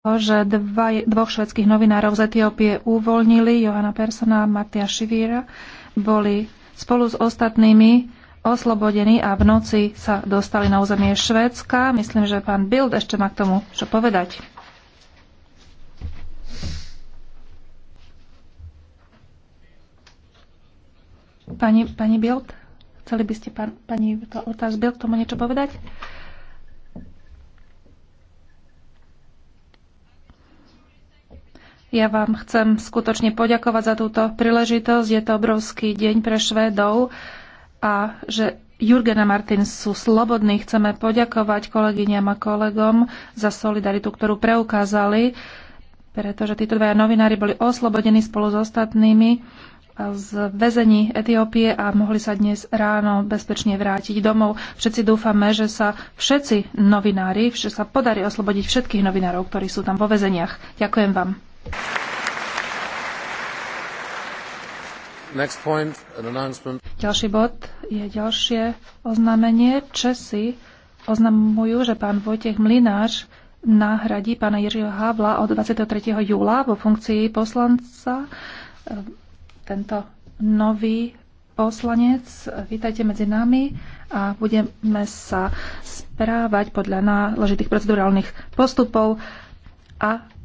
že dva, dvoch švedských novinárov z Etiópie uvoľnili, Johana Persona a Martia Šivíra, boli spolu s ostatnými oslobodení a v noci sa dostali na územie Švédska. Myslím, že pán Bild ešte má k tomu čo povedať. Pani, pani Bild, chceli by ste, pán, pani Otáz Bild, tomu niečo povedať? Ja vám chcem skutočne poďakovať za túto príležitosť. Je to obrovský deň pre Švédov a že Jurgen a Martin sú slobodní. Chceme poďakovať kolegyňam a kolegom za solidaritu, ktorú preukázali, pretože títo dvaja novinári boli oslobodení spolu s ostatnými z väzení Etiópie a mohli sa dnes ráno bezpečne vrátiť domov. Všetci dúfame, že sa všetci novinári, že sa podarí oslobodiť všetkých novinárov, ktorí sú tam vo väzeniach. Ďakujem vám. Point, an Ďalší bod je ďalšie oznámenie. Česi oznamujú, že pán Vojtech Mlináš nahradí pána Jiřího Havla od 23. júla vo funkcii poslanca. Tento nový poslanec, vítajte medzi nami a budeme sa správať podľa náležitých procedurálnych postupov a